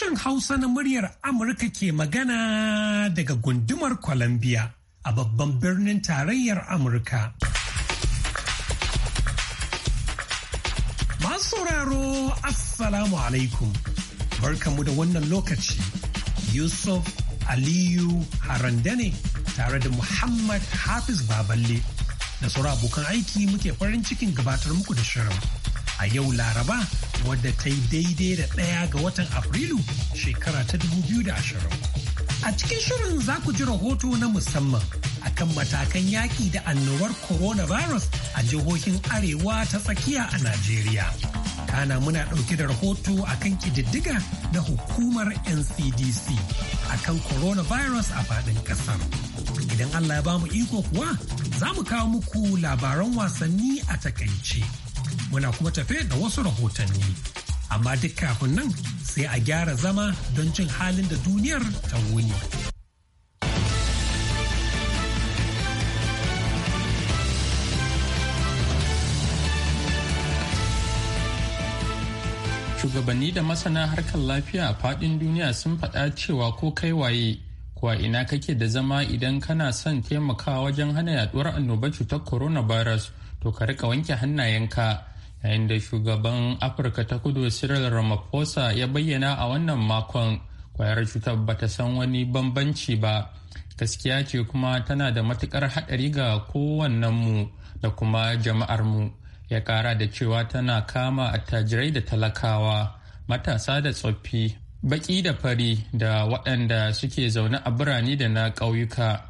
Sashen Hausa na muryar Amurka ke magana daga gundumar Columbia a babban birnin tarayyar Amurka. Masu sauraro Assalamu alaikum. Barkamu da wannan lokaci. Yusuf Aliyu Harandane tare da Muhammad Hafiz Baballe da sauran abokan aiki muke farin cikin gabatar muku da shirin. a yau Laraba wadda ta yi daidai da ɗaya ga watan Afrilu shekara ta dubu biyu da ashirin. A cikin shirin za ku ji rahoto na musamman akan matakan yaƙi da annobar coronavirus a jihohin Arewa ta tsakiya a Najeriya. Kana muna ɗauke da rahoto akan ƙididdiga na hukumar NCDC akan coronavirus a faɗin ƙasar. Idan Allah ya ba mu iko kuwa za mu kawo muku labaran wasanni a takaice. muna kuma tafe da wasu rahotanni. Amma duk kafin nan sai a gyara zama don cin halin da duniyar ta wuni. Shugabanni da masana harkar lafiya a faɗin duniya sun faɗa cewa ko kai waye kuwa ina kake da zama idan kana son taimakawa wajen hana yaduwar annobar cutar coronavirus to ka rika wanke hannayenka yayin da shugaban afirka ta kudu cyril ramaphosa ya bayyana a wannan makon kwayar cutar bata san wani bambanci ba gaskiya ce kuma tana da matukar haɗari ga mu da kuma jama'ar mu ya kara da cewa tana kama attajirai da talakawa matasa da tsoffi baki da fari da waɗanda suke zaune a birane da na ƙauyuka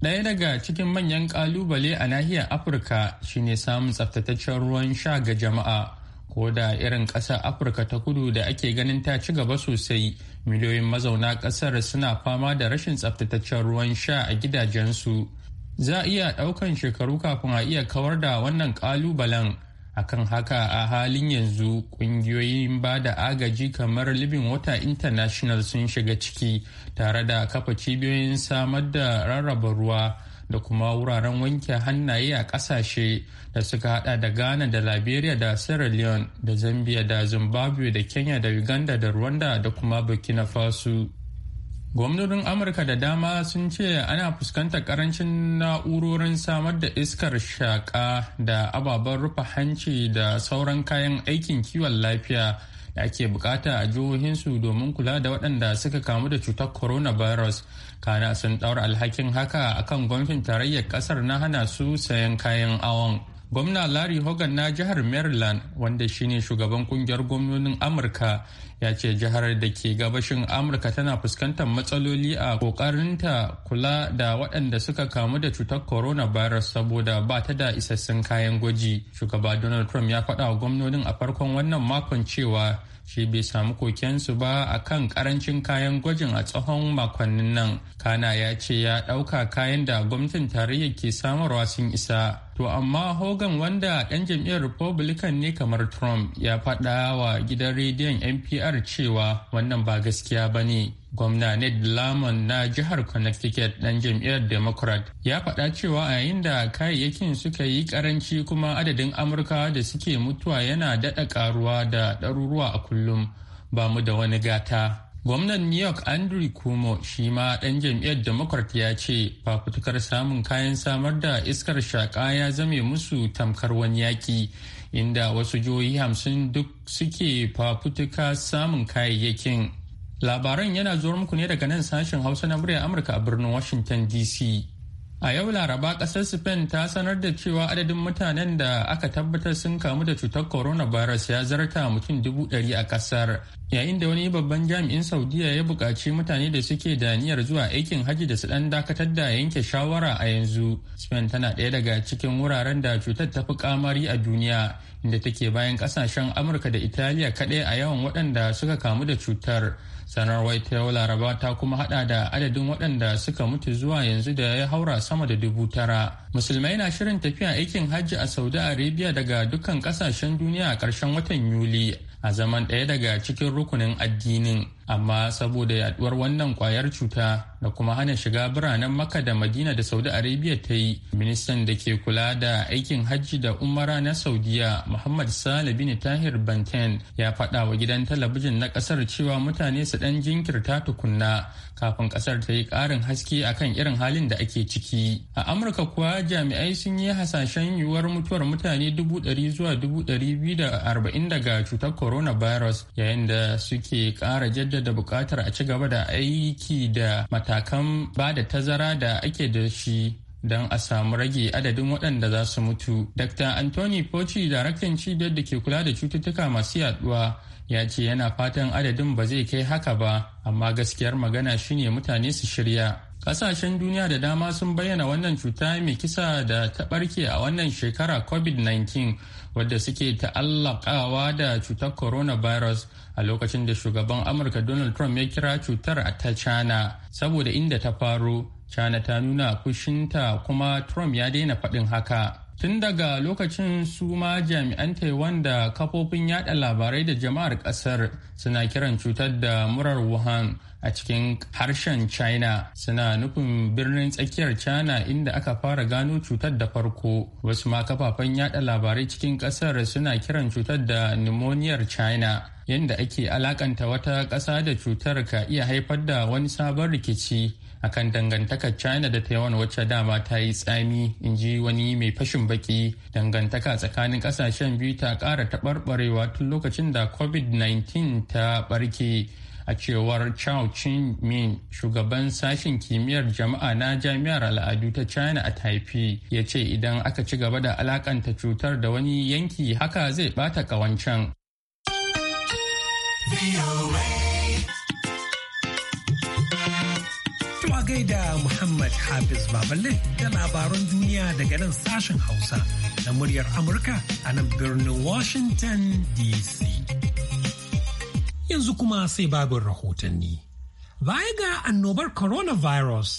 daya daga cikin manyan kalubale a nahiyar Afirka shine samun tsaftataccen ruwan sha ga jama'a. Ko da irin ƙasar Afirka ta kudu da ake ganin ta ci gaba sosai, miliyoyin mazauna ƙasar suna fama da rashin tsaftataccen ruwan sha a gidajensu. Za a iya ɗaukan shekaru kafin a iya kawar da wannan ƙalubalen. akan haka a halin yanzu kungiyoyin ba da agaji kamar living water international sun shiga ciki tare da kafa cibiyoyin samar da rarraba ruwa da kuma wuraren wanke hannaye a kasashe da suka hada da ghana da liberia da sierra leone da zambia da zimbabwe da kenya da uganda da rwanda da kuma burkina faso gwamnonin amurka da dama sun ce ana fuskantar karancin na'urorin samar da iskar shaka da ababen rufe hanci da sauran kayan aikin kiwon lafiya da ake bukata a jihohinsu domin kula da waɗanda suka kamu da cutar coronavirus kana sun ɗaura alhakin haka akan gwamnatin tarayyar ƙasar na hana su sayan kayan awon. gwamna larry hogan na jihar maryland wanda shine shugaban kungiyar gwamnonin amurka ya ce jihar da ke gabashin amurka tana fuskantar matsaloli a kokarinta kula da waɗanda suka kamu da cutar coronavirus saboda ba ta da isassun kayan gwaji shugaba donald trump ya faɗa wa gwamnonin a farkon wannan makon cewa shi bai samu kokensu ba a kan karancin kayan gwajin a tsohon makonnin nan kana ya ce ya ɗauka kayan da gwamnatin tarayya ke samarwa sun isa to amma hogan wanda ɗan jam'iyyar republican ne kamar trump ya faɗa wa gidan rediyon npr cewa wannan ba gaskiya ba ne gwamna ned lamon na jihar connecticut dan jam'iyyar democrat ya faɗa cewa a yayin da kayayyakin suka yi karanci kuma adadin amurka da suke mutuwa yana daɗa ƙaruwa da ɗaruruwa a kullum ba mu da wani gata gwamnan new york andrew kumo shi ma ɗan jam'iyyar democrat ya ce fafutukar samun kayan samar da iskar shaƙa ya zame musu tamkar wani yaƙi inda wasu jihohi hamsin duk suke fafutuka samun kayayyakin Labaran yana zuwa muku ne daga nan sashen Hausa na muryar Amurka a birnin Washington DC. A yau Laraba ƙasar Spain ta sanar da cewa adadin mutanen da aka tabbatar sun kamu da cutar coronavirus ya zarta mutum dubu ɗari a ƙasar, yayin da wani babban jami'in Saudiya ya buƙaci mutane da suke da niyyar zuwa aikin hajji da su ɗan dakatar da yanke shawara a yanzu. Spain tana ɗaya daga cikin wuraren da cutar ta fi kamari a duniya, inda take bayan ƙasashen Amurka da Italiya kaɗai a yawan waɗanda suka kamu da cutar. sanarwar ta yau laraba ta kuma hada da adadin waɗanda suka mutu zuwa yanzu da ya haura sama da dubu tara musulmai na shirin tafiya aikin hajji a saudi arabia daga dukkan kasashen duniya a ƙarshen watan yuli a zaman ɗaya daga cikin rukunin addinin amma saboda yaduwar wannan kwayar cuta da kuma hana shiga biranen makka da madina da saudi arabia ta yi ministan da ke kula da aikin hajji da umara na saudiya muhammad sale bin tahir banten ya faɗa wa gidan talabijin na ƙasar cewa mutane su ɗan jinkirta tukunna kafin ƙasar ta yi ƙarin haske akan irin halin da ake ciki a amurka kuwa jami'ai sun yi hasashen yiwuwar mutuwar mutane dubu ɗari zuwa dubu ɗari biyu da arba'in daga cutar coronavirus yayin da suke ƙara jaddada da buƙatar a ci gaba da aiki da matakan ba da tazara da ake da shi don a samu rage adadin waɗanda za su mutu. Dr. Anthony Pochi, daraktan cibiyar da ke kula da cututtuka masu yaduwa, ya ce yana fatan adadin ba zai kai haka ba, amma gaskiyar magana shine mutane su shirya. Kasashen duniya da dama sun bayyana wannan cuta mai kisa da ta barke a wannan shekara COVID-19 wadda suke ta'allakawa da cutar coronavirus a lokacin da shugaban Amurka Donald Trump ya kira cutar a ta China saboda inda ta faro. China ta nuna kushinta kuma Trump ya daina faɗin haka. Tun daga lokacin su ma jami'an Taiwan da kafofin yada labarai da jama'ar ƙasar suna kiran cutar da murar Wuhan. a cikin harshen china suna nufin birnin tsakiyar china inda aka fara gano cutar da farko wasu ma kafafen yada labarai cikin kasar suna kiran cutar da pneumoniyar china yadda ake alakanta wata kasa da cutar ka iya haifar da wani sabon rikici akan dangantakar china da taiwan wacce dama ta yi tsami in ji wani mai fashin baki dangantaka tsakanin kasashen biyu ta ƙara taɓarɓarewa tun lokacin da covid-19 ta ɓarke a cewar Chao Chin Min shugaban sashen kimiyyar jama'a na jami'ar al'adu ta China a Taipei ya ce idan aka ci gaba da alakanta cutar da wani yanki haka zai bata kawancan. gaida Muhammad Hafiz Baballe da labaran duniya daga nan sashen Hausa na muryar Amurka a nan birnin Washington DC. yanzu kuma sai babu rahotanni. Baya ga annobar coronavirus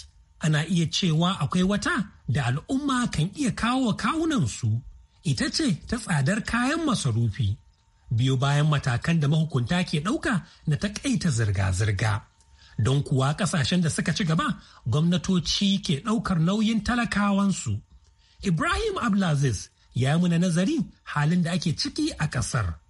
ana iya cewa akwai wata da al'umma kan iya kawo kawunansu ita ce ta tsadar kayan masarufi. Biyu bayan matakan da mahukunta ke ɗauka na taƙaita zirga-zirga. Don kuwa ƙasashen da suka ci gaba gwamnatoci ke ɗaukar nauyin talakawansu. Ibrahim Abdulaziz ya yi muna nazari halin da ake ciki a ƙasar.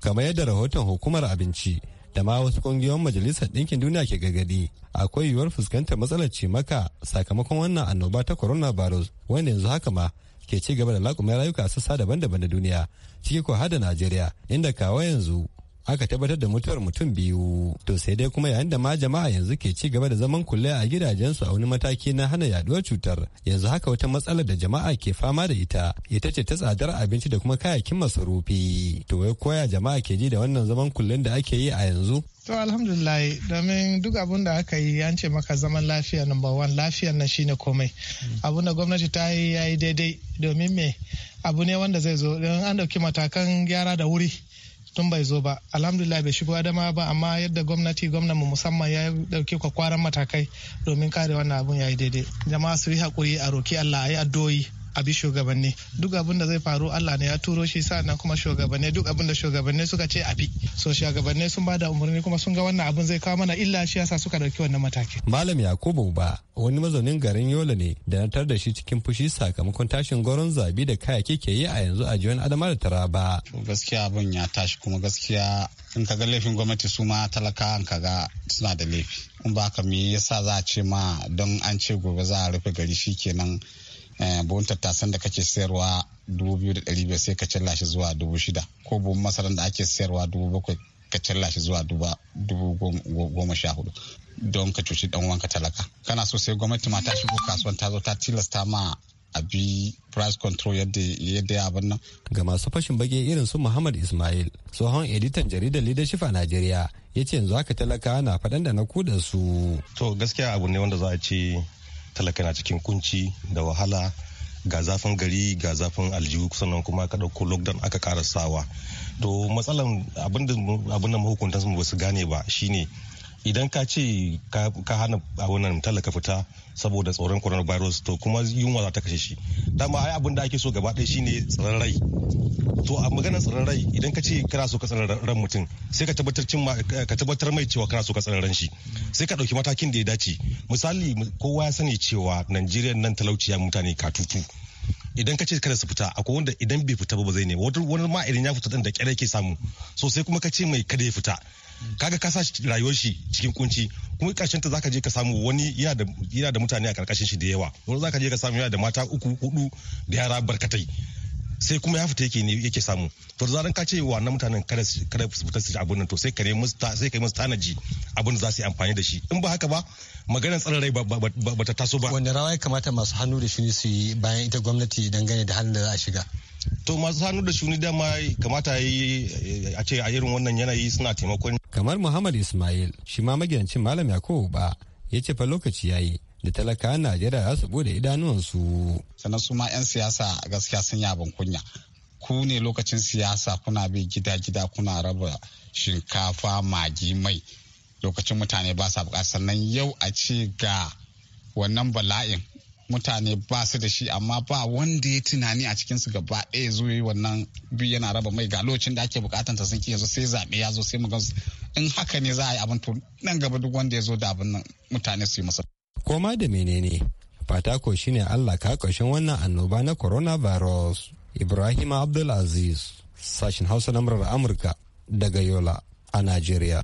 kamar yadda rahoton hukumar abinci da ma wasu kungiyoyin majalisar ɗinkin duniya ke gagadi akwai yiwuwar fuskantar matsalar cimaka sakamakon wannan annoba ta Corona coronavirus wanda yanzu haka ma ke ci gaba da laƙumin rayuka a sassa daban-daban da duniya ciki ko hada najeriya inda kawo yanzu aka tabbatar da mutuwar mutum biyu to sai dai kuma yayin da ma jama'a yanzu ke ci gaba da zaman kulle a gidajensu a wani mataki na hana yaduwar cutar yanzu haka wata matsalar da jama'a ke fama da ita ita ce ta tsadar abinci da kuma kayayyakin masarufi to wai koya jama'a ke ji da wannan zaman kullen da ake yi a yanzu To alhamdulillah domin duk abun da aka yi an ce maka zaman lafiya number one lafiyan nan shine komai hmm. abun da gwamnati ta yi ya yi daidai domin me abu ne wanda zai zo don an dauki matakan gyara da wuri tun bai zo ba alhamdulillah bai shigo adama ba amma yadda gwamnati gwamnan mu musamman ya dauke kwakwaran matakai domin kare wannan abun ya yi daidai jama'a su yi hakuri a roki Allah a yi addu'o'i abi shugabanni duk abin da zai faru Allah ne ya turo shi sa'annan kuma shugabanni duk abin da shugabanni suka ce abi so shugabanni sun bada umarni kuma sun ga wannan abin zai kawo mana illa shi yasa suka dauki wannan matakin malam yakubu ba wani mazaunin garin yola ne da na tar da shi cikin fushi sakamakon tashin goron zabi da kayaki ke yi a yanzu a jiyon adama da taraba gaskiya abin ya tashi kuma gaskiya in ka ga laifin gwamnati su ma talaka ka ga suna da laifi in ba ka me yasa za a ce ma don an ce gobe za a rufe gari shi kenan. Eh, buhun tattasan da kake sayarwa dubu biyu da ɗari biyar sai ka cilla shi zuwa dubu shida ko buhun masaran da ake sayarwa dubu bakwai ka cilla zuwa dubu goma sha hudu don ka cuci dan wanka talaka kana so sai gwamnati ma ta shigo kasuwan ta zo ta tilasta ma a bi price control yadda ya abin nan. Ga masu fashin bage irin su Muhammad Ismail, tsohon editan jaridar leadership a Najeriya, ya ce yanzu haka talaka na faɗan da na kuda su. To gaskiya abu ne wanda za a ce talaka na cikin kunci da wahala ga zafin gari ga zafin aljihu sannan kuma ka ɗauko lockdown aka ƙara sawa to matsalan abinda mahukuntansu ba su gane ba shine idan ka ce ka hana abin nan tallaka fita saboda tsoron coronavirus to kuma yunwa za ta kashe shi dama ai abin da ake so gaba ɗaya shine tsaron rai to a maganar tsaron rai idan ka ce kana so ka tsaron ran mutum sai ka tabbatar ka tabbatar mai cewa kana so ka tsaron ran shi sai ka ɗauki matakin da ya dace misali kowa ya sani cewa Najeriya nan talauciya mutane katutu idan ka ce kada su fita akwai wanda idan bai fita ba ba zai ne wani ma idan ya fita din da kyar yake samu so sai kuma ka ce mai kada ya fita kaga ka sa rayuwar shi cikin kunci kuma karshen ta zaka je ka samu wani yana da mutane a karkashin shi da yawa wani zaka je ka samu yana da mata uku hudu da yara barkatai sai kuma ya fita yake ne yake samu to da zaran ka ce wa na mutanen kada kada su fita su abun nan to sai ka musu sai kai musu tanaji abun da za su yi amfani da shi in ba haka ba maganar tsare rai ba ta taso ba wanda rawa ya kamata masu hannu da shuni su yi bayan ita gwamnati dangane da halin da za a shiga to masu hannu da shuni dama kamata yi a ce a irin wannan yanayi suna taimakon kamar muhammad ismail shi ma magidancin malam yakubu ba ya ce fa lokaci yayi da talakawan najeriya za su bude idanuwansu sannan su ma 'yan siyasa gaskiya sun yabon kunya ku ne lokacin siyasa kuna bi gida-gida kuna raba shinkafa magi mai lokacin mutane ba sa buƙatar sannan yau a ce ga wannan bala'in mutane ba su da shi amma ba wanda ya tunani a cikinsu gaba ɗaya zo yi wannan biyu yana raba mai ga lokacin da ake bukatan ta sun yanzu sai zaɓe ya zo sai mu ga in haka ne za a yi abin to nan gaba duk wanda ya zo da abin nan mutane su yi masa Koma da menene fata ko shine Allah ka kashin wannan annoba na coronavirus. Ibrahim Abdulaziz, sashin Hausa na murar Amurka daga Yola a Najeriya.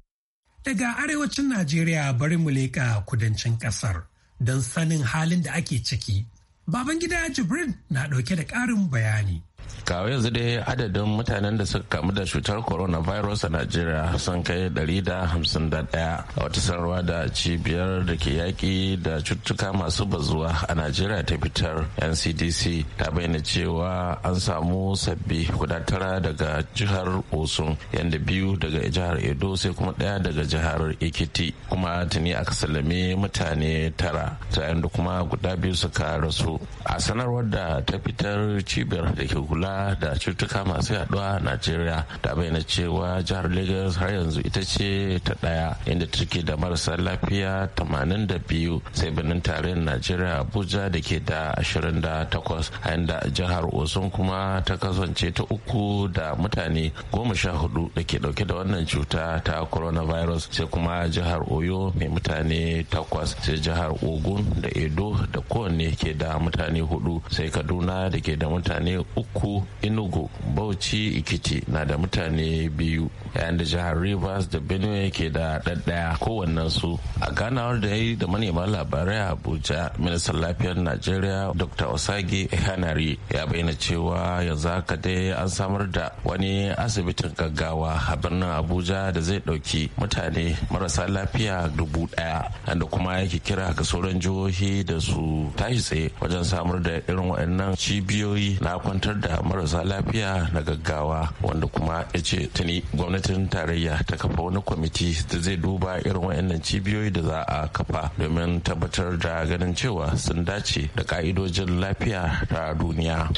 Daga arewacin Najeriya bari mu leƙa kudancin ƙasar don sanin halin da ake ciki. Babangida Jibrin na ɗauke da ƙarin bayani. kawo yanzu dai adadin mutanen da suka kamu da cutar coronavirus a najeriya sun kai 151 a wata sanarwa da cibiyar da ke yaƙi da cututtuka masu bazuwa a najeriya ta fitar ncdc ta bayyana cewa an samu sabbi guda tara daga jihar osun yadda biyu daga jihar edo sai kuma ɗaya daga jihar ekiti kuma tuni aka sallame mutane tara ta da kuma guda biyu suka rasu a sanarwar da ta fitar cibiyar da ke kula da cutuka masu yaduwa a najeriya ta bayyana cewa jihar lagos har yanzu ita ce ta daya inda take da marasa lafiya 82 sai birnin tarayyar najeriya abuja da ke da 28 a inda jihar osun kuma ta kasance ta uku da mutane goma sha hudu da ke dauke da wannan cuta ta coronavirus sai kuma jihar oyo mai mutane takwas sai jihar ogun da edo da kowanne ke da mutane hudu sai kaduna da ke da mutane uku uku inugu bauchi ikiti na da mutane biyu yayin da jihar rivers da benue ke da ɗaɗɗaya kowannen su a ganawar da ya yi da manema labarai a abuja ministan lafiyar najeriya dr osage Ehanari ya bayyana cewa yanzu haka dai an samar da wani asibitin gaggawa a birnin abuja da zai ɗauki mutane marasa lafiya dubu ɗaya da kuma yake kira ga sauran jihohi da su tashi tsaye wajen samar da irin waɗannan cibiyoyi na kwantar da da marasa lafiya na gaggawa wanda kuma ya ce tuni gwamnatin tarayya ta kafa wani kwamiti da zai duba irin waɗannan cibiyoyi da za a kafa domin tabbatar da ganin cewa sun dace da ka'idojin lafiya ta duniya.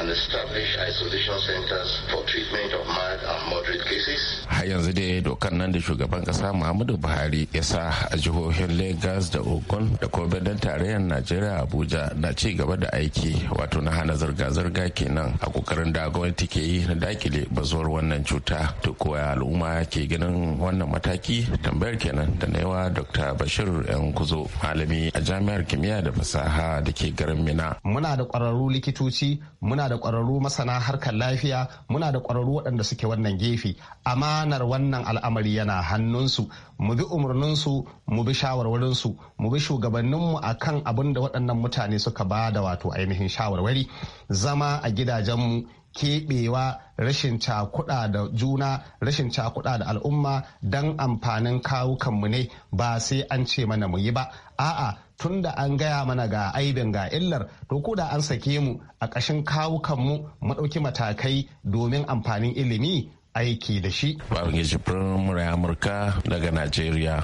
and establish isolation centers for treatment of mild and moderate cases. Har yanzu dai dokar nan da shugaban kasa Muhammadu Buhari ya sa a jihohin Lagos da Ogun da kuma birnin tarayyar Najeriya Abuja na ci gaba da aiki wato na hana zirga-zirga kenan a kokarin da gwamnati ke yi na dakile bazuwar wannan cuta to al'umma ke ganin wannan mataki tambayar kenan da na yawa Dr. Bashir yan kuzo malami a jami'ar kimiyya da fasaha da ke garin Mina. Muna da kwararru likitoci muna da ƙwararru masana harkar lafiya muna da ƙwararru waɗanda suke wannan gefe amanar wannan al'amari yana hannunsu mu bi umarninsu mu bi shawarwarinsu mu bi shugabanninmu a kan abin da waɗannan mutane suka ba da wato ainihin shawarwari zama a gidajenmu keɓewa rashin cakuɗa da juna rashin cakuɗa da al'umma don amfanin kawukanmu ne ba sai an ce mana mu yi ba a'a tun da an gaya mana ga aibin ga illar to ko da an sake mu a ƙashin kawukan mu mu ɗauki matakai domin amfanin ilimi aiki da shi. Babangiji Firin Amurka daga Najeriya.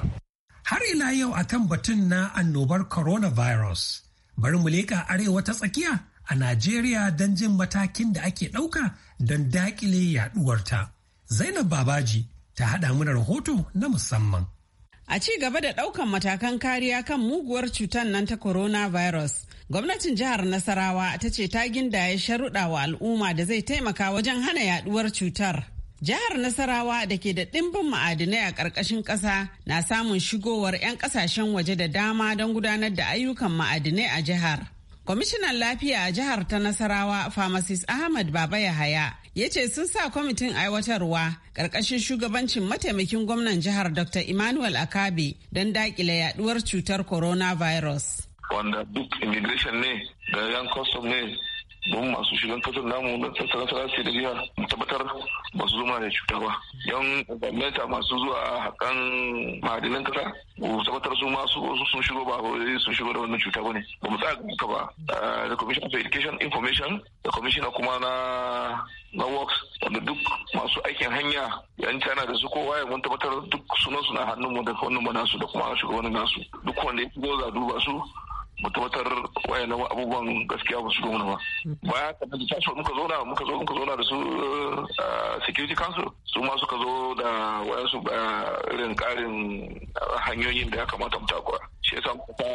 Har ila yau a kan batun na annobar coronavirus, bari mu leƙa arewa ta tsakiya a Najeriya don jin matakin da ake ɗauka don daƙile yaɗuwarta. Zainab Babaji ta haɗa mana rahoto na musamman. A ci gaba da ɗaukan matakan kariya kan muguwar cutar nan ta Corona Virus, gwamnatin jihar Nasarawa ta ce ta gindaye sharuɗa wa al'umma da zai taimaka wajen hana yaduwar cutar. Jihar Nasarawa da ke da ɗimbin ma'adinai a ƙarƙashin ƙasa na samun shigowar 'yan ƙasashen waje da dama don gudanar da ayyukan ma'adinai a jihar. Kwamishinan lafiya a jihar ta Nasarawa, Pharmacist Ahmad Baba Yahaya, ya ce sun sa kwamitin aiwatarwa ƙarƙashin shugabancin mataimakin gwamnan jihar Dr. Emmanuel Akabe don daƙile yaduwar cutar coronavirus. Wanda duk immigration ne da yan custom ne don masu shigan kasar namu na sassa nasara da jiha mu tabbatar ba su zuma da cuta ba don gwamnati masu zuwa hakan ma'adinan kasa mu tabbatar su ma su sun shigo ba sun shigo da wannan cuta bane ba mu tsaya ka ba ah, da commission of education information da commissioner kuma na na works wanda duk masu aikin hanya yan cana da su kowa ya mun tabbatar duk sunan su na hannun mu da wannan mu nasu da kuma shugabannin nasu duk wanda ya zo za duba su Mutumatar wayan wayannan abubuwan gaskiya ba su zo ba baya ka da tashi muka zo na muka zo muka zo na da su eh, security council su ma suka zo da wayan su eh, irin karin hanyoyin da ya kamata mu takura shi yasa muka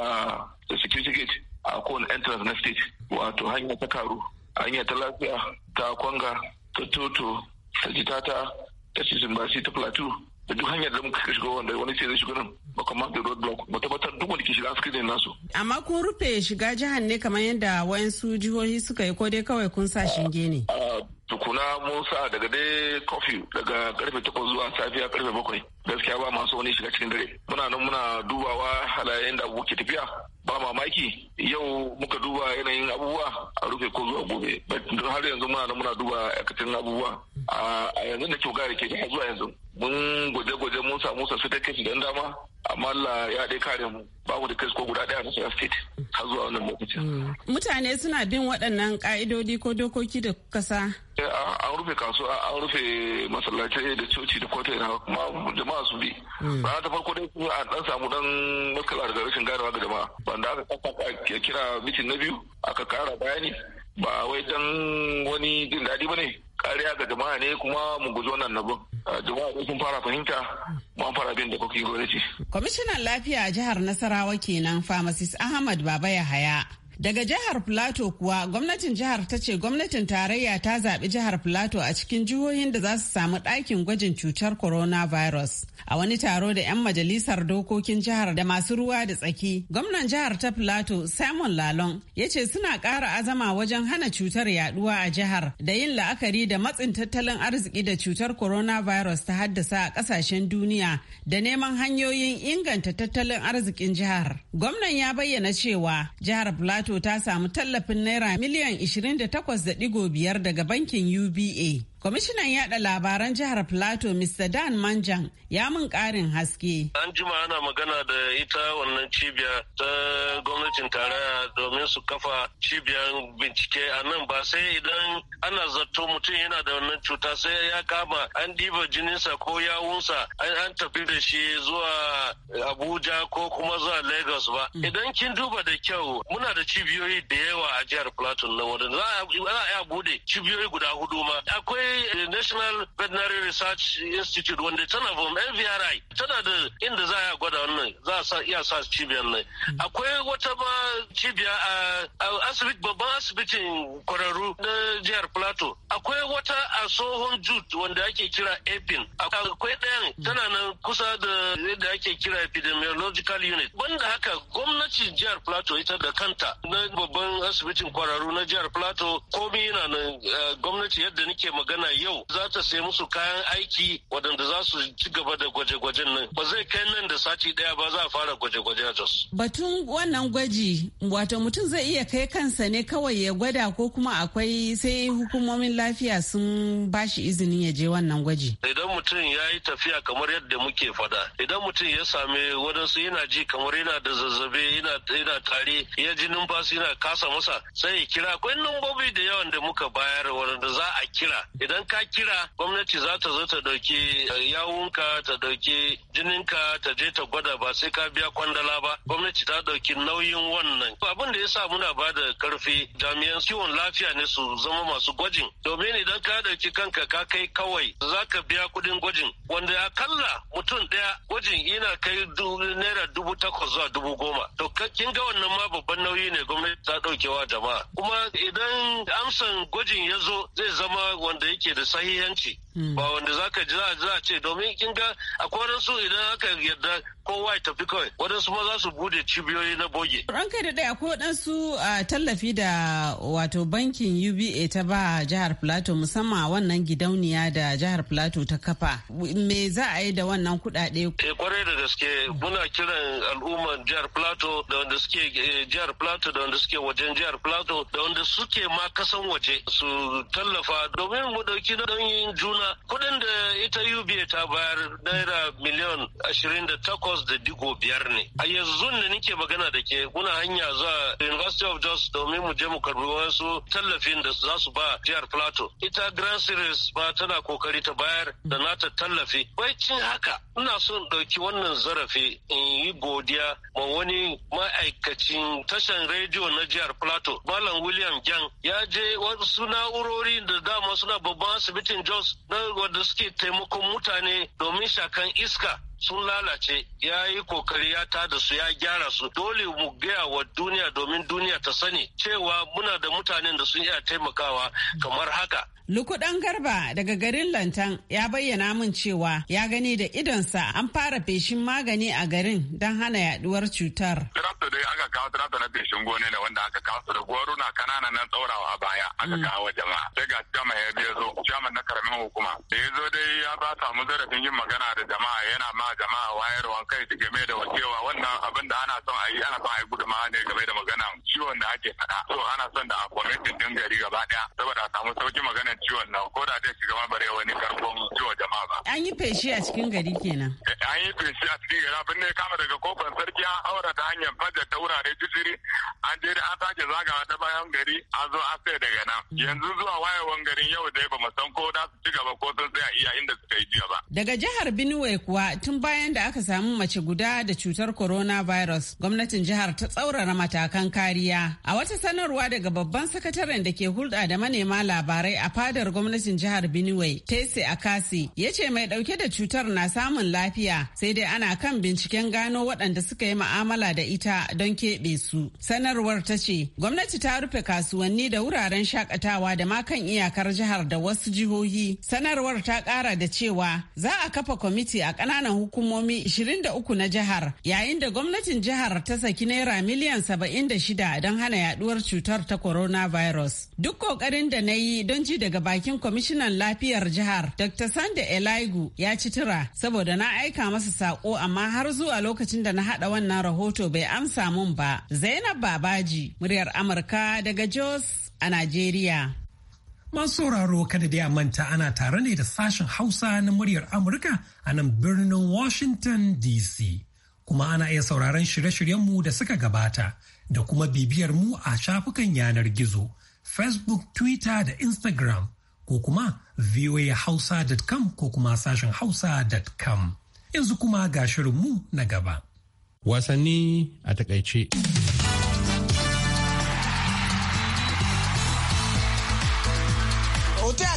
da security gate a kowane entrance na state wato hanya ta karu hanya ta lafiya ta kwanga ta toto ta jitata ta sisin ta plateau da duk hanyar da muka shiga wanda wani ce zai shiga nan ba kamar da roadblock ba tabbatar duk wanda ke shiga screening nasu. Amma kun rufe shiga jihar ne kamar yadda wayansu jihohi suka yi ko dai kawai kun sa shinge ne. Ah, ah, tukuna musa daga dai kofi daga karfe takwas zuwa safiya karfe bakwai gaskiya ba masu wani shiga cikin dare muna nan muna dubawa halayen da ke tafiya ba mamaki yau muka duba yanayin abubuwa a rufe ko zuwa gobe don har yanzu muna nan muna duba yakacin abubuwa ah, a yanzu da kyau gare ke zuwa yanzu mun gwaje-gwaje mun samu sassu da kashi don dama amma Allah ya ɗai kare mu babu da kashi ko guda ɗaya na state har zuwa wannan lokacin. Mm. Mutane suna bin waɗannan ƙa'idodi ko dokoki da kasa. Eh, an rufe kasuwa an rufe masallaci da coci da kota ina kuma jama'a su bi. Mm. Rana ta farko dai kuma an ɗan samu ɗan matsala daga rashin ganawa ga jama'a. Banda aka kira mitin na biyu aka kara bayani ba wai dan wani jin daɗi ba ne kariya ga jama'a ne kuma mu guji wannan nabin ah, jama'a sun fara fahimta mu fara bin da kuke gwamnati. kwamishinan lafiya a jihar nasarawa kenan pharmacist ahmad baba yahaya Daga jihar Filato kuwa gwamnatin jihar ta ce gwamnatin tarayya ta zaɓi jihar Filato a cikin jihohin da za su samu ɗakin gwajin cutar coronavirus. A wani taro da 'yan majalisar dokokin jihar da masu ruwa da tsaki, gwamnan jihar ta Filato Simon Lalong ya ce suna ƙara azama wajen hana cutar yaɗuwa a jihar da yin la'akari da matsin tattalin arziki da cutar coronavirus ta haddasa a ƙasashen duniya da neman hanyoyin inganta tattalin arzikin jihar. Gwamnan ya bayyana cewa jihar Filato Plateau ta samu tallafin naira miliyan 28.5 daga bankin UBA. Kwamishinan yada labaran jihar plato Mr. Dan Manjan ya mun karin haske. An jima ana magana da ita wannan cibiya ta gwamnatin tarayya domin su kafa cibiyar bincike a nan ba sai idan ana zato mutum yana da wannan cuta sai ya kama an diba jininsa ko yawunsa an tafi da shi zuwa Abuja ko kuma zuwa Lagos ba. Mm. Idan kin duba da kyau muna da cibiyoyi da yawa a jihar Plateau na wadanda za a bude cibiyoyi guda hudu ma. Akwai dai National Veterinary Research Institute wanda tana vom NVRI tana da inda za a gwada wannan za a sa iya sa cibiyar nan. Akwai wata ma cibiya a asibiti babban asibitin kwararru na jihar Plateau. Akwai wata a sohon Jude wanda ake kira Epin. Akwai ɗayan tana nan kusa da yadda ake kira epidemiological unit. Banda haka gwamnatin jihar Plateau ita da kanta na babban asibitin kwararru na jihar Plateau komi yana nan eh, gwamnati yadda nake magana magana yau za ta sai musu kayan aiki waɗanda za su ci gaba da gwaje-gwajen nan ba zai kai nan da sati ɗaya ba za a fara gwaje-gwaje a jos. batun wannan gwaji wato mutum zai iya kai kansa ne kawai ya gwada ko kuma akwai sai hukumomin lafiya sun bashi izinin ya je wannan gwaji. idan mutum ya yi tafiya kamar yadda muke fada idan mutum ya same waɗansu yana ji kamar yana da zazzabe yana tare ya ji numfasi yana kasa masa sai ya kira akwai numbobi da yawan da muka bayar wanda za a kira idan ka kira gwamnati za ta zo ta dauki eh, yawunka ta dauki jininka ta je ta gwada ba sai ka biya kwandala ba gwamnati ta dauki nauyin wannan abin da ya sa muna ba da karfi jami'an kiwon lafiya ne su zama masu gwajin domin idan ka dauki kanka ka kai kawai za ka biya kudin gwajin wanda ya kalla mutum ɗaya gwajin yana kai naira dubu takwas zuwa dubu goma to kin ga wannan ma babban nauyi ne gwamnati ta daukewa jama'a kuma idan amsan gwajin ya zo zai zama wanda yake yake da sahihanci hmm. ba wanda zaka ka za a ce domin kin ga akwai su idan aka yarda kowa ya tafi kawai waɗansu ma za su bude cibiyoyi na boge. Ranka da ɗaya akwai waɗansu tallafi da wato bankin UBA ta ba jihar Plateau musamman a wannan gidauniya da jihar Plateau ta kafa. Me za a yi da wannan kuɗaɗe? E kwarai da gaske muna kiran al'ummar jihar Plateau da wanda suke eh, jihar Plateau da wanda suke wajen jihar Plateau da wanda suke ma kasan waje su tallafa domin mu ɗauki yin juna kuɗin da ita UBA ta bayar naira miliyan ashirin da takwas da digo biyar ne. A yanzu da nike magana da ke kuna hanya zuwa University of Jos domin mu je mu karbi wasu tallafin da za su ba jihar Plateau. Ita Grand Series ba tana kokari ta bayar da nata tallafi. Bai cin haka ina son ɗauki wannan zarafi in yi godiya ma wani ma'aikacin tashan rediyo na jihar Plateau. Malam William Gyan ya je wasu na'urori da dama suna babban asibitin jos na wanda suke taimakon mutane domin shakan iska sun lalace ya yi kokari ya ta da su ya gyara su dole mu gaya wa duniya domin duniya ta sani cewa muna da mutanen da sun iya taimakawa kamar haka Lukudan Garba daga garin Lantan ya bayyana min cewa ya gani da idonsa an fara feshin magani a garin don hana yaduwar cutar. Tirata dai aka kawo na feshin gone ne wanda aka kawo da goruna kanana na tsaurawa baya aka mm. kawo jama'a. Sai ga ya zo, jama'a na karamin hukuma. Da ya zo dai ya ba samu zarafin yin magana da jama'a yana ma jama'a wayarwan kai da game da wakewa wannan abin da ana son a yi ana son a yi gudunmawa ne game da maganan ciwon da ake faɗa so ana son da a kwamitin din gari gaba daya saboda a samu sauki maganar ciwon nan ko da dai shiga bare wani karfin ciwon jama'a ba. An yi feshi a cikin gari kenan. Eh, an yi feshi a cikin gari abin ne kama daga kofar sarki an aura ta hanyar fajar ta wurare jijiri an je an sake zagawa ta bayan gari an zo an sai daga nan mm. yanzu zuwa wayewan garin yau dai ba mu san ko da su ci gaba ko sun tsaya iya inda suka yi jiya ba daga jihar Benue kuwa tun bayan da aka samu mace guda da cutar corona virus, gwamnatin jihar ta tsaurara matakan kariya a wata sanarwa daga babban sakataren da ke hulɗa da manema labarai a fadar gwamnatin jihar Benue Tese Akasi ya ce mai ɗauke da cutar na samun lafiya sai dai ana kan binciken gano waɗanda suka yi ma'amala da ita don keɓe su sanar sanarwar ta ce gwamnati ta rufe kasuwanni da wuraren shakatawa da ma kan iyakar jihar da wasu jihohi. Sanarwar ta kara da cewa za a kafa kwamiti a ƙananan hukumomi 23 na jihar yayin da gwamnatin jihar ta saki naira miliyan 76 don hana yaduwar cutar ta coronavirus. Duk ƙoƙarin da na yi don ji daga bakin kwamishinan lafiyar jihar Dr. Sanda Elaigu ya ci tura saboda na aika masa sako amma har zuwa lokacin da na haɗa wannan rahoto bai amsa mun ba. Zainab abaji muryar Amurka daga Jos a Najeriya. Masu sauraro kada da a manta ana tare ne da sashen Hausa na muryar Amurka a nan birnin Washington DC. Kuma ana iya sauraron shirye-shiryenmu da suka gabata da kuma bibiyar mu a shafukan yanar gizo, Facebook, Twitter da Instagram ko kuma voahausa.com ko kuma sashen hausa.com. Yanzu kuma ga shirinmu na gaba. Wasanni a takaice.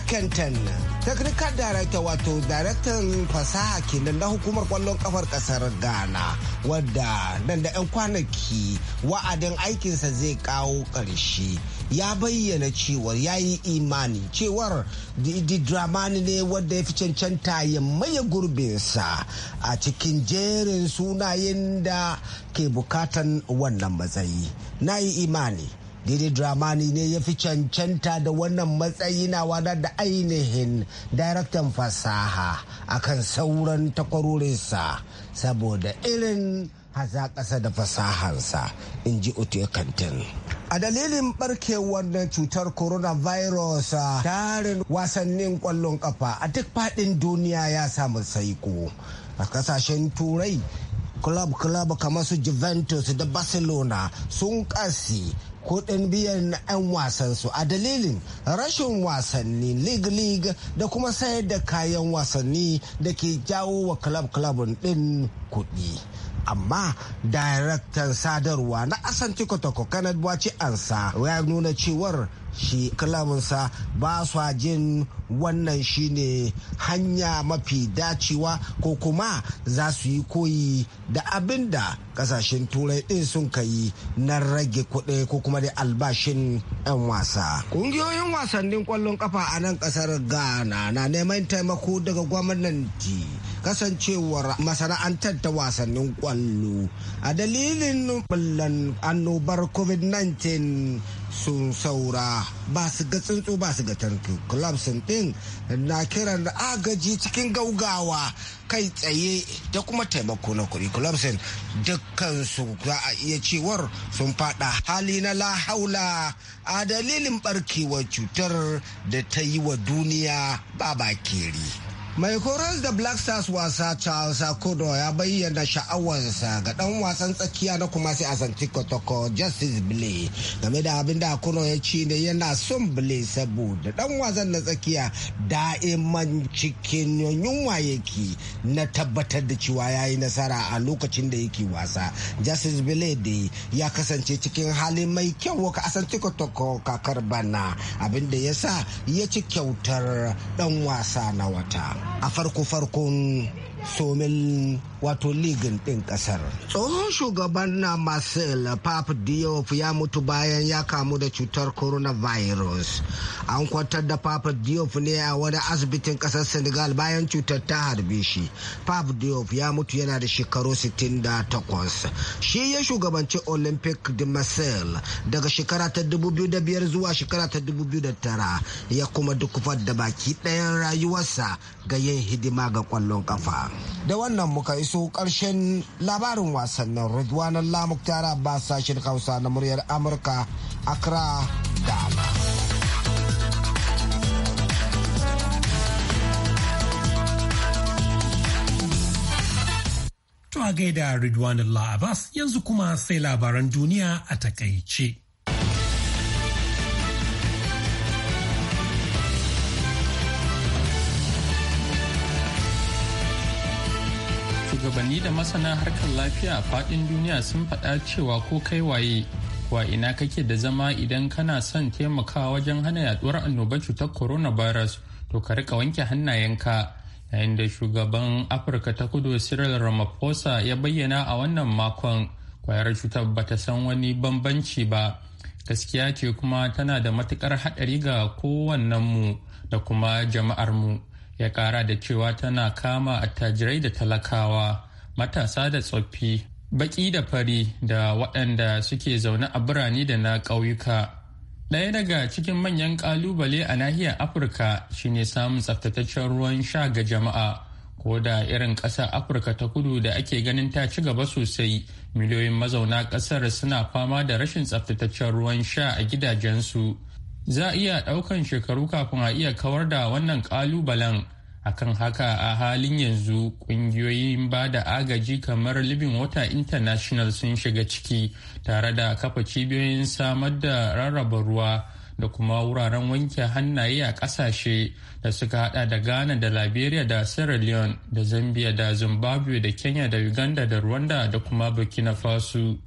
Kenton, Technical Director wato Daraktan fasaha kenan na hukumar kwallon kafar kasar Ghana wadda nan da 'yan kwanaki wa'adin aikinsa zai kawo ƙarshe. Ya bayyana cewar ya yi imani cewar di Dramani ne wadda ya fi cancanta ya maye gurbinsa a cikin jerin sunayen da ke bukatan wannan matsayi. Na yi imani. daidai dramani ne ya fi cancanta da wannan matsayi na wada da ainihin daraktan fasaha a kan sauran takwarorinsa saboda irin haza ƙasa da fasahansa in ji kantin. a dalilin barkewar da cutar coronavirus tarin wasannin ƙwallon ƙafa a duk faɗin duniya ya samu saiko a ƙasashen turai club club kamar su juventus da barcelona sun kasi. kuɗin biyan 'yan wasansu a dalilin rashin wasanni league league da kuma sayar da kayan wasanni da ke jawo wa club club ɗin kuɗi amma daraktan sadarwa na asanti kwatakwa kanad ansa ya nuna cewar shi sa ba su jin wannan shine hanya mafi dacewa ko kuma za su yi koyi da abin da kasashen turai din sun yi na rage kuɗi ko kuma da albashin 'yan wasa ƙungiyoyin wasannin ƙwallon kafa a nan ƙasar ghana na neman taimako daga gwamnati kasancewar masana'antar ta wasannin kwallo a dalilin bullan annobar covid-19 sun saura ba su ga tsuntsu ba su ga tarki clubs din na kiran agaji cikin gaugawa kai tsaye da kuma taimako na kuɗi sun dukkan su za a iya cewar sun fada hali na lahaula a dalilin barkewar cutar da ta yi wa duniya ba ba bakeri. mai horas da black stars wasa charles Akudo ya bayyana sha'awarsa ga dan wasan tsakiya na kuma sai asanti kotoko justice blay game da abin da akudo ya ci ne yana son blay saboda dan wasan na tsakiya da'iman cikin yunwa yake na tabbatar da cewa ya yi nasara a lokacin da yake wasa justice blay da ya kasance cikin hali mai kyau ka asanti kotoko kakar bana abin da ya sa ya ci kyautar dan wasa na wata a farko-farkon somin wato ligin ɗin ƙasar. Tsohon shugaban na Marcel Pap Diop ya mutu bayan ya kamu da cutar coronavirus. An kwantar da Pap Diop ne a wani asibitin ƙasar Senegal bayan cutar ta harbe shi. Pap Diop ya mutu yana da shekaru 68. Shi ya shugabanci Olympic de Marcel daga shekara ta 2005 zuwa shekara ta 2009 ya kuma dukufar da baki ɗayan rayuwarsa ga yin hidima ga ƙwallon ƙafa. da wannan muka iso ƙarshen labarin wasannin ridwanan lamuk tara ba sashen hausa na muryar amurka akra ghana To a gaida Ridwan Allah Abbas yanzu kuma sai labaran duniya a takaice. da masana harkar lafiya a faɗin duniya sun faɗa cewa ko kai waye wa ina kake da zama idan kana son taimakawa wajen hana yaduwar annobar cutar coronavirus to ka rika wanke hannayenka yayin da shugaban afirka ta kudu cyril ramaphosa ya bayyana a wannan makon kwayar cutar bata san wani bambanci ba gaskiya ce kuma tana da matukar haɗari ga mu da kuma jama'ar mu ya kara da cewa tana kama attajirai da talakawa matasa da tsoffi baki da fari da waɗanda suke zaune a birane da na ƙauyuka ɗaya daga cikin manyan ƙalubale a nahiyar afirka shine samun tsaftataccen ruwan sha ga jama'a ko da irin ƙasa afirka ta kudu da ake ganin ta ci gaba sosai miliyoyin mazauna ƙasar suna fama da rashin tsaftataccen ruwan sha a gidajensu za a iya ɗaukan shekaru kafin a iya kawar da wannan ƙalubalen akan haka a halin yanzu kungiyoyin ba da agaji kamar living water international sun shiga ciki tare da kafa cibiyoyin samar da rarraba ruwa da kuma wuraren wanke hannaye a kasashe da suka hada da ghana da liberia da sierra leone da zambia da zimbabwe da kenya da uganda da rwanda da kuma burkina faso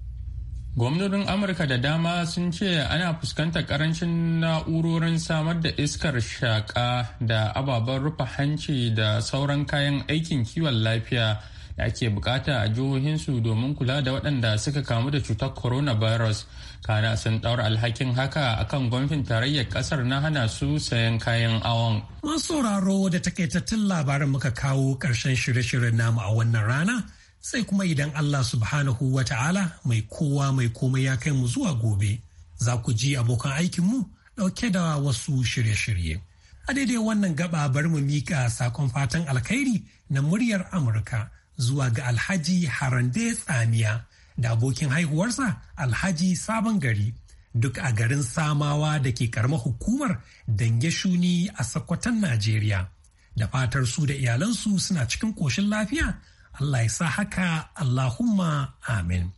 gwamnonin amurka da dama sun ce ana fuskantar karancin na'urorin samar da iskar shaka da ababen rufe hanci da sauran kayan aikin kiwon lafiya da ake bukata a jihohinsu domin kula da waɗanda suka kamu da cutar coronavirus kana sun ɗaura alhakin haka akan gwamnatin tarayyar kasar na hana su sayan kayan awon. masu sauraro da takaitattun labarin muka kawo ƙarshen shirye-shiryen namu a wannan rana sai kuma idan Allah subhanahu wa ta'ala mai kowa mai komai ya kai mu zuwa gobe za ku ji abokan aikinmu ɗauke da wasu shirye-shirye. A daidai wannan gaba bar mu miƙa sakon fatan alkhairi na muryar Amurka zuwa ga Alhaji Harande Tsamiya da abokin haihuwarsa Alhaji Sabon Gari duk a garin Samawa da ke karma hukumar Dange Shuni a sakkwaton Najeriya. Da fatar su da iyalansu suna cikin koshin lafiya Allah ya sa haka Allahumma amin.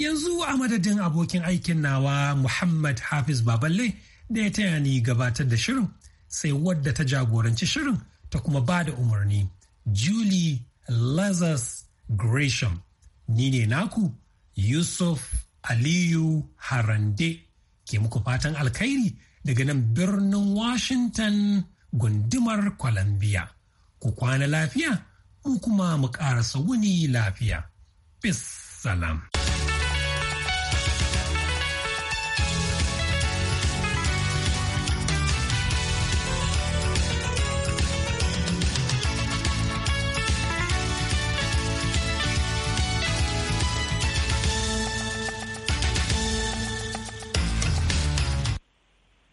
Yanzu a madadin abokin aikin nawa Muhammad Hafiz Baballe da ya taya ni gabatar da shirin sai wadda ta jagoranci shirin ta kuma ba da umarni. Julie Lazarus Gresham. Ni ne naku Yusuf Aliyu Harande ke muku fatan alkhairi daga nan birnin Washington gundumar Columbia. Ku kwana lafiya? mu kuma mu ƙarasa wani lafiya. Bis salam.